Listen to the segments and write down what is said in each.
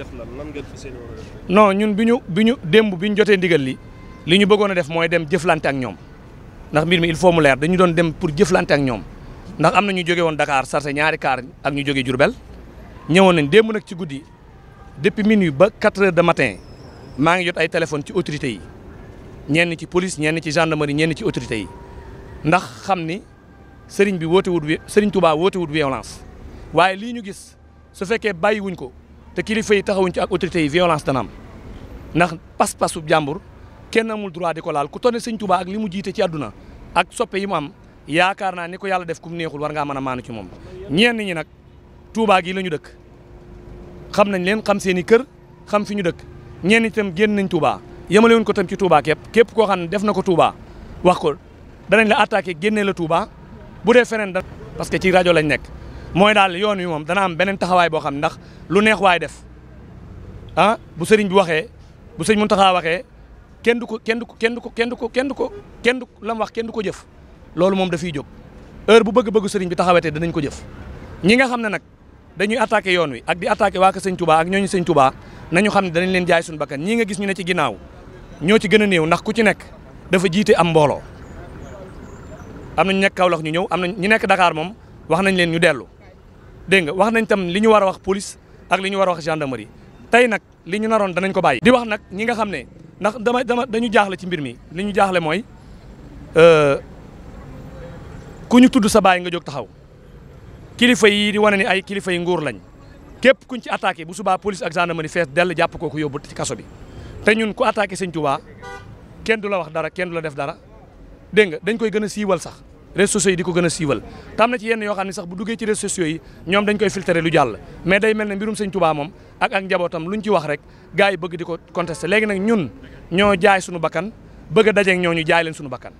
def lan lan ngeen non ñun bi ñu bi ñu démb bi ñu jotee ndigal li li ñu bëggoon a def mooy dem jëflante ak ñoom ndax mbir mi il faut mu leer dañu doon dem pour jëflante ak ñoom ndax am na ñu joge woon dakaar sarse ñaari kaar ak ñu jóge Diourbel ñëwoon nañ démb nag ci guddi depuis minuit ba 4 heures de matin maa ngi jot ay téléphone ci autorités yi ñenn ci police ñenn ci gendarmerie ñenn ci autorités yi ndax xam ni sëriñ bi woote wut wi sëriñ Touba woote wut waaye lii ñu gis su fekkee bàyyiwuñ ko te kilifa yi taxawuñ ci ak autorités yi violence dana am ndax pas-pasu jàmbur kenn amul droit di ko laal ku tone sëñ Tuubaa ak li mu jiite ci àdduna ak soppe yi mu am yaakaar naa ni ko yàlla def ku mu neexul war nga mën a maanu ci moom ñenn ñi nag Tuubaa gi lañu dëkk xam nañ leen xam seen i kër xam fi ñu dëkk ñenn itam génn nañ Tuubaa yemale wuñ ko tam ci Tuubaa képp képp koo xam ne def na ko Tuubaa wax ko danañ la attaqué génnee la Tuubaa bu dee feneen da parce que ci rajo lañ nekk mooy daal yoon wi moom dana am beneen taxawaay boo xam ne ndax lu neex waay def ah bu sëriñ bi waxee bu sëriñ Mountakha waxee kenn du ko kenn du kenn du ko kenn du ko kenn du ko kenn du wax kenn du ko jëf loolu moom dafiy jóg heure bu bëgg-bëggu sëriñ bi taxawatee danañ ko jëf ñi nga xam ne nag dañuy attaqué yoon wi ak di attaqué waa ko sëñ Touba ak ñooñu sëñ na ñu xam ne danañ leen jaay suñu bakkan ñii nga gis ñu ne ci ginnaaw ñoo ci gën a néew ndax ku ci nekk dafa jiite am mbooloo am nañ nekk Kaolack ñu ñëw am na ñu nekk Dakar moom wax nañ leen ñu dellu dégg nga wax nañ tam li ñu war a wax police ak li ñu war a wax gendarmerie tey nag li ñu naroon danañ ko bàyyi. di wax nag ñi nga xam ne ndax dama dama dañu jaaxle ci mbir mi li ñu jaaxle mooy euh, ku ñu tudd sa baay nga jog taxaw kilifa yi di wane ni ay kilifa yi nguur lañ képp kuñ ci attaqué bu subaa police ak gendarmerie fees dell jàpp kooku yóbbu ci kaso bi te ñun ku attaqué Sëñ Tuubaa kenn du la wax dara kenn du la def dara dégg nga dañ koy gën a siiwal sax. réseaux sociaux yi di ko gën a siiwal te na ci yenn yoo xam ne sax bu duggee ci réseaux sociaux yi ñoom dañ koy filtrer lu jàll mais day mel ne mbirum sëñ Tuubaa moom ak ak njabootam luñ ci wax rek gars yi bëgg di ko contester léegi nag ñun ñoo jaay suñu bakkan bëgg a ñoo ñu jaay leen suñu bakkan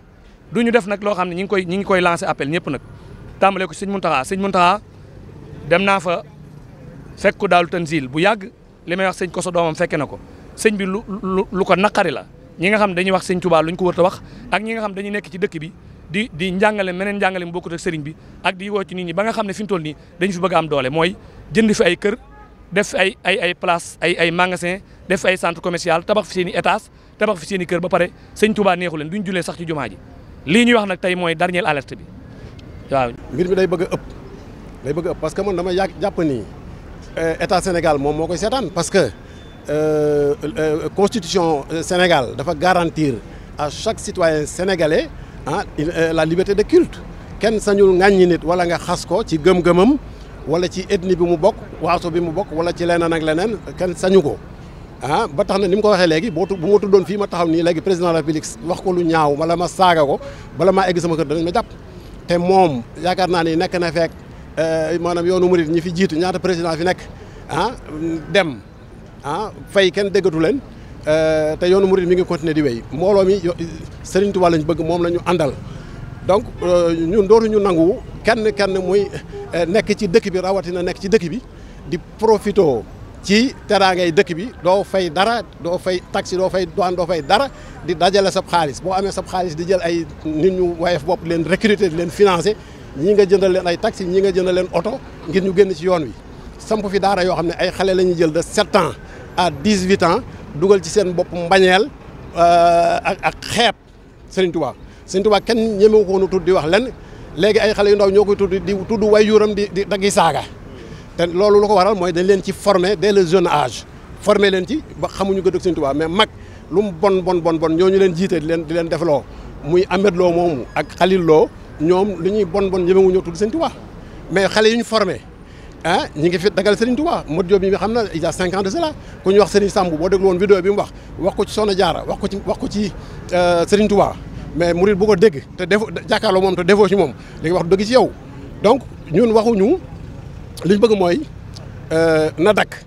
du ñu def nag loo xam ne ñi ngi koy ñi ngi koy lancé appel ñëpp nag tàmbalee ko sëñ Muntaxa sëñ Muntaxa dem naa fa fekk ko daalu tanzil bu yàgg li may wax sëñ koso doomam fekke na ko sëñ bi lu lu ko naqari la ñi nga xam dañuy wax sëñ Tuubaa luñ ko wërta wax ak ñi nga xam dañuy nekk ci dëkk bi di di njàngale meneen njàngale mu bokkut ak sëriñ bi ak di woo ci nit ñi ba nga xam ne fi mu toll nii dañu fi bëgg am doole mooy jënd fi ay kër def ay ay ay place ay ay magasin def ay centre commercial tabax fi seen i étage tabax fi seen kër ba pare sëñ Touba neexu leen duñ julee sax ci jumaa ji lii ñuy wax nag tey mooy dernière alerte bi waaw. mbir mi day bëgg ëpp day bëgg ëpp parce que man dama yàgg jàpp ni eh, état Sénégal moom moo koy seetaan parce que euh, euh, constitution euh, Sénégal dafa garantir à chaque citoyen sénégalais. ah euh, la liberté de culte kenn sañul ŋàññi nit wala nga xas ko ci gëm-gëmam wala ci ethnie bi mu bokk waaso bi mu bokk wala ci leneen ak leneen kenn sañu ko ah ba tax na ni mu ko waxee léegi boo bu ma tuddoon fii ma taxaw nii léegi président de la république wax ko lu ñaaw wala ma saaga ko bala maa egg sama kër danañ ma jàpp te moom yaakaar naa ni nekk na fekk euh, maanaam yoonu murit ñi fi jiit ñaata président fi nekk ah dem ah fay kenn déggatu leen Euh, te yoonu murid mi ngi continuer di wéy mbooloo mi Serigne Touba ñu bëgg moom la ñu àndal donc euh, ñun dootuñu nangu kenn kenn muy euh, nekk ci dëkk bi rawatina nekk ci dëkk bi di profito ci teraangay dëkk bi doo fay dara doo fay taxi doo fay douane doo fay dara di dajale sab xaalis boo amee sab xaalis di jël ay nit ñu wayef bopp leen recruter di leen financer ñi nga jëndal leen ay taxi ñi nga jëndal leen oto ngir ñu génn ci yoon wi samp fi daara yoo xam ne ay xale la ñuy jël de sept ans à dix huit ans dugal ci seen bopp mbañeel euh, ak ak xeeb Serigne Touba Serigne Touba kenn ñemewu ko woon tudd di wax lenn léegi ay xale yu ndaw ñoo koy tudd di tudd wayuuram di di daggi saaga te loolu lu ko waral mooy dañ leen ci former dès le jeune age former leen ci ba xamuñu ko dëgg Serigne Touba mais mag lu mu bon bon bon bon ñu leen jiite di leen di leen defloo muy Ahmed Lo moomu ak Khalil Lo ñoom lu ñuy bon bon ñemewuñoo tudd Serigne Touba mais xale yu ñu formé. ah ñi ngi fi dagal Serigne Touba Modou Diop mi xam na il y a cinq ans de cela ku ñu wax Serigne Samb boo déglu woon vidéo bi mu wax wax ko ci Soxna Jaara wax ko ci wax ko ci euh, Serigne Touba mais murid bu ko dégg te def jàkkaarloo moom te defoo ci moom léegi wax dëgg ci yow donc ñun waxuñu li ñu bëgg mooy euh, na dakk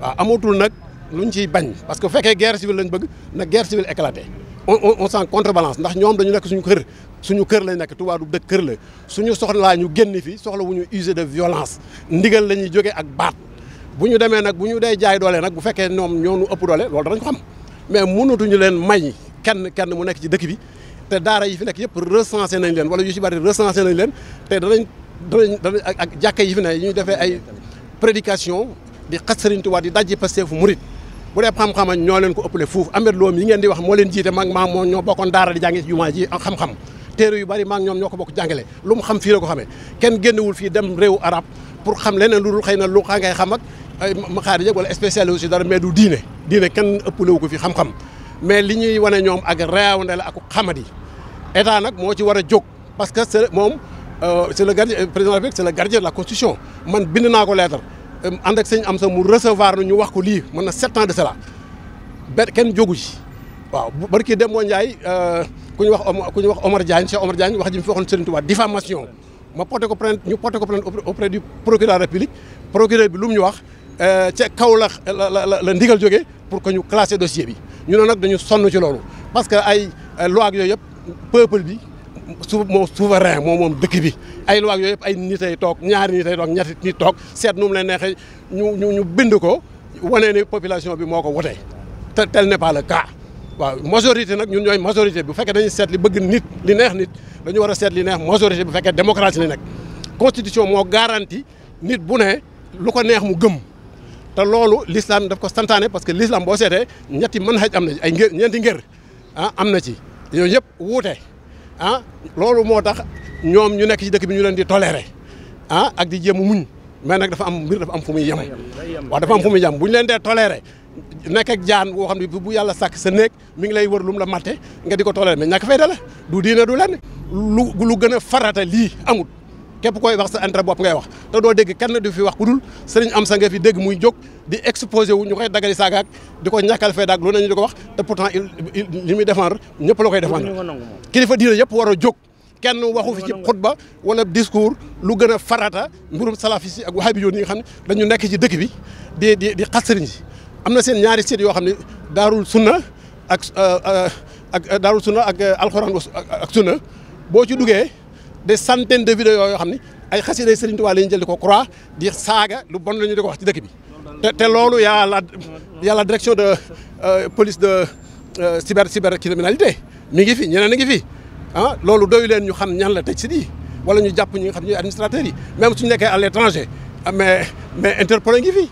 waaw amatul nag lu ñu ciy bañ parce que bu fekkee guerre civile lañ bëgg na guerre la éclaté on on s'en contrebalance ndax ñoom dañu nekk suñu kër suñu kër lañ nekk Touba du dëkk kër la suñu soxlaa ñu génn fi soxla wu ñu user de violence ndigal la ñuy jógee ak baat bu ñu demee nag bu ñu dee jaay doole nag bu fekkee ñoom ñoo nu ëpp doole loolu danañ ko xam mais mënatuñu leen may kenn kenn mu nekk ci dëkk bi te daara yi fi nekk yëpp recensé nañ leen wala yu ci bari recensé nañ leen te danañ danañ danañ ak jàkka yi fi ne yi ñu defee ay prédication di xas Sëriñ Tuubaa di dajji Pastef murit bu dee xam-xam ñoo leen ko ëppale fuuf amet loom yi ngeen di wax moo leen jiite maag maam moo ñoo bokkoon daara di jàngi jumaa ji xam-xam téere yu bari maag ñoom ñoo ko bokk jàngale lu mu xam fii la ko xamee kenn génnewul fii dem réew arab pour xam leneen lu dul xëy na lu xa ngay xam ak ay maxaarij wala spécialisé aussi dara mais du diine diine kenn ëppalewu ko fi xam-xam mais li ñuy wane ñoom ak reewnde la ak xamadi état nag moo ci war a jóg parce que moom euh, c'est le gardien euh, président de la République c'est le man bind naa ko lettre ànd ak sëñ am sa mu recevoir na ñu wax ko lii mën na sept ans de cela be kenn jógu ci waaw barki dem moo Ndiaye euh, ku ñu wax ku ñu wax Omar Diagne Cheikh Omar Diagne wax ji mu fi waxoon Serigne diffamation ma porté ko plainte ñu porté ko plainte auprès du procureur de la procureur bi lu mu ñu wax euh, ca kaw la la la ndigal jóge pour que ñu classé dossier bi ñu ne nag dañu sonn ci loolu parce que ay euh, loi ak yooyu yëpp peuple bi su moom souverain moom moom dëkk bi ay loi yooyu yëpp ay nitay toog ñaari nitay toog ñetti nit toog seet nu mu leen neexee ñu ñu ñu bind ko wane ni population bi moo ko wote te tel n'est pas le cas waaw majorité nag ñun ñooy majorité bu fekkee dañuy seet li bëgg nit li neex nit dañu war a seet li neex majorité bu fekkee démocratie li nekk constitution moo garanti nit bu ne lu ko neex mu gëm te loolu l'islam def ko santaane parce que l'islam boo seetee ñetti man manhaj am na ci ay ngër ñeenti ngër ah am na ci yooyu yëpp wuute ah loolu moo tax ñoom ñu nekk ci dëkk bi ñu leen di toleere ah ak di jéem a muñ mais nag dafa am mbir dafa am fu muy yem waaw dafa am fu mu yem bu ñu leen dee toléré nekk ak jaan boo xam ne bu yàlla sàkk sa néeg mi ngi lay wër lu mu la matte nga di ko toléré mais ñàkk fayda la du diina du lenn lu lu gën a farata lii amul képp koy wax sa intérêt bopp ngay wax te doo dégg kenn du fi wax ku dul sëriñ am sa nga fi dégg muy jóg di exposé wu ñu koy dagali saagaak di ko ñàkkal fay daag lu ne ñu di ko wax te pourtant il li muy défendre ñëpp la koy défendre kilifa diine yëpp war a jóg kenn waxu fi ci xutba wala discours lu gën a farata mbirum salafi si ak wahabi yoon yi xam ne dañu nekk ci dëkk bi di di di xas sëriñ si am na seen ñaari seet yoo xam ne daarul sunna ak euh, ak euh, daarul sunna ak euh, alxuraan ak sunna boo ci duggee des centaines de vidéos yoo xam ne ay xasida Sëriñ Tuubaa la ñu jël di ko croix di saaga lu bon la ñu di wax ci dëkk bi te loolu y a la y a la direction de euh, police de euh, cyber cybercriminalité mi ngi fi ñeneen a ngi fi ah loolu doyu leen ñu xam ñan la tëj si di wala ñu jàpp ñi nga xam ñooy administrateurs yi même suñu nekkee à l'étranger ah, mais mais interpellé ngi fi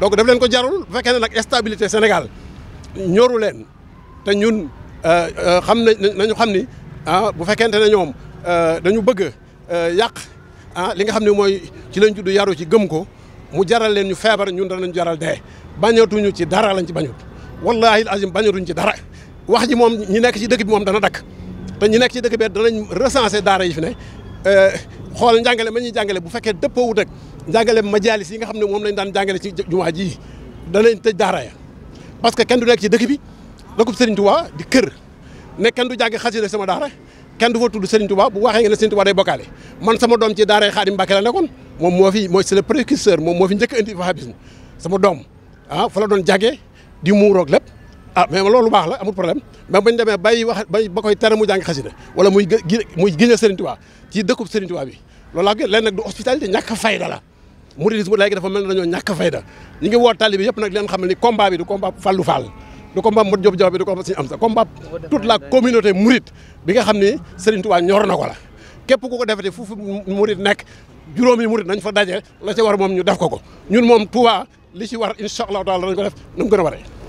donc daf leen ko jarul bu fekkee nag stabilité Sénégal ñoru leen te ñun euh, xam na nañu xam ni ah bu fekkente ne ñoom dañu bëgg yàq ah li nga xam ne mooy ci lañ judd yaru ci gëm ko mu jaral leen ñu feebar ñun danañ jaral dee bañatuñu ci dara lañ ci bañut wallahi azim bañatuñ ci dara wax ji moom ñu nekk ci dëkk bi moom dana dakk te ñi nekk ci dëkk bi danañ recenser daara yi fi ne eh, xool njàngale ma ñuy jàngale bu fekkee dëppoowut ak njàngale majaalis yi nga xam ne moom lañ daan jàngale ci jumaa ji danañ tëj daara ya kenn du nekk ci dëkk bi dëkkub Serigne Touba di kër ne kenn du jàng xasida sama daara kenn du fa tudd Serigne Touba bu waxee nga ne Serigne Touba day bokkaale man sama doom ci daara Xaadim Mbàkke la nekkoon moom moo fi mooy c'est le précurseur moom moo fi njëkk indi wahhabisme sama doom ah fa la doon jàggee di muuroog lépp ah mais loolu baax la amul problème même bañ demee bàyyi wax bay ba koy tere mu jàng xasida wala muy muy giña Serigne Touba ci dëkkub Serigne Touba bi loolu laa gën leen nag du hospitalité ñàkk fayda la mouridisme léegi dafa mel ne dañoo ñàkk fayda ñu ngi woo taalibe yëpp nag leen xam ne ni combat bi du combat Fallou Fall du combat Modou Diop Diop bi du combat suñu am sa combat toute la communauté mouride bi nga ko la képp ku ko defete fu murid juróom mu murit nañ fa daje la ca war moom ñu def ko ko ñun moom Touba li ci war incha allahu taala dañ ko def nu mu gën a waree